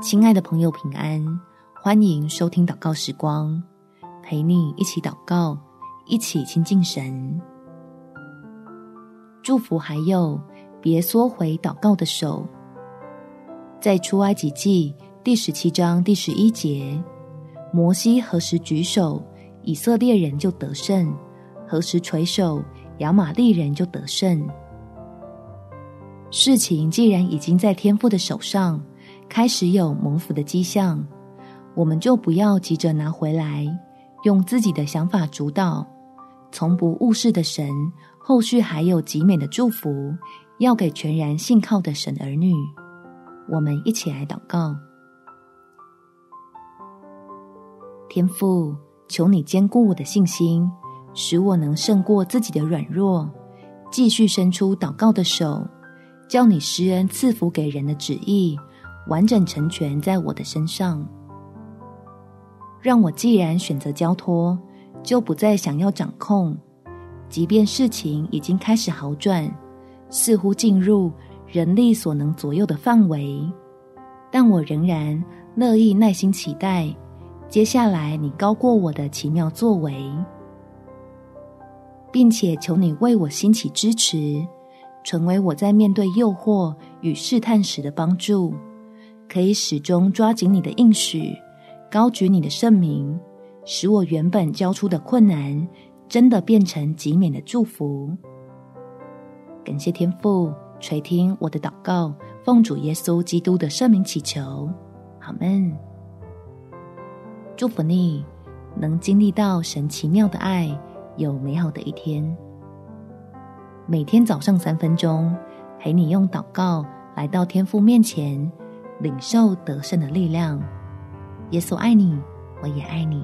親愛的朋友，平安！歡迎收聽禱告時光，陪你一起禱告，一起親近神。祝福還有，別縮回禱告的手。在出埃及記第十七章第十一節，摩西何時舉手，以色列人就得勝；何時垂手，亞瑪力人就得勝。事情既然已經在天父的手上，開始有蒙福的跡象，我們就不要急着拿回來，用自己的想法主導。從不誤事的神，後續還有極美的祝福，要給全然信靠的神兒女。我們一起來禱告：天父，求你堅固我的信心，使我能勝過自己的軟弱，繼續伸出禱告的手，叫你施恩賜福給人的旨意。完整成全在我的身上，讓我既然選擇交託，就不再想要掌控。即便事情已經開始好轉，似乎進入人力所能左右的範圍，但我仍然樂意耐心期待，接下來你高過我的奇妙作為，並且求你為我興起支持，成為我在面對誘惑與試探時的幫助。可以始終抓緊你的應許，高舉你的聖名，使我原本交出的困難，真的變成極美的祝福。感謝天父垂聽我的禱告，奉主耶穌基督的聖名祈求，阿們。祝福你，能經歷到神奇妙的愛，有美好的一天。每天早上三分鐘，陪你用禱告來到天父面前，領受得勝的力量。耶穌愛你，我也愛你。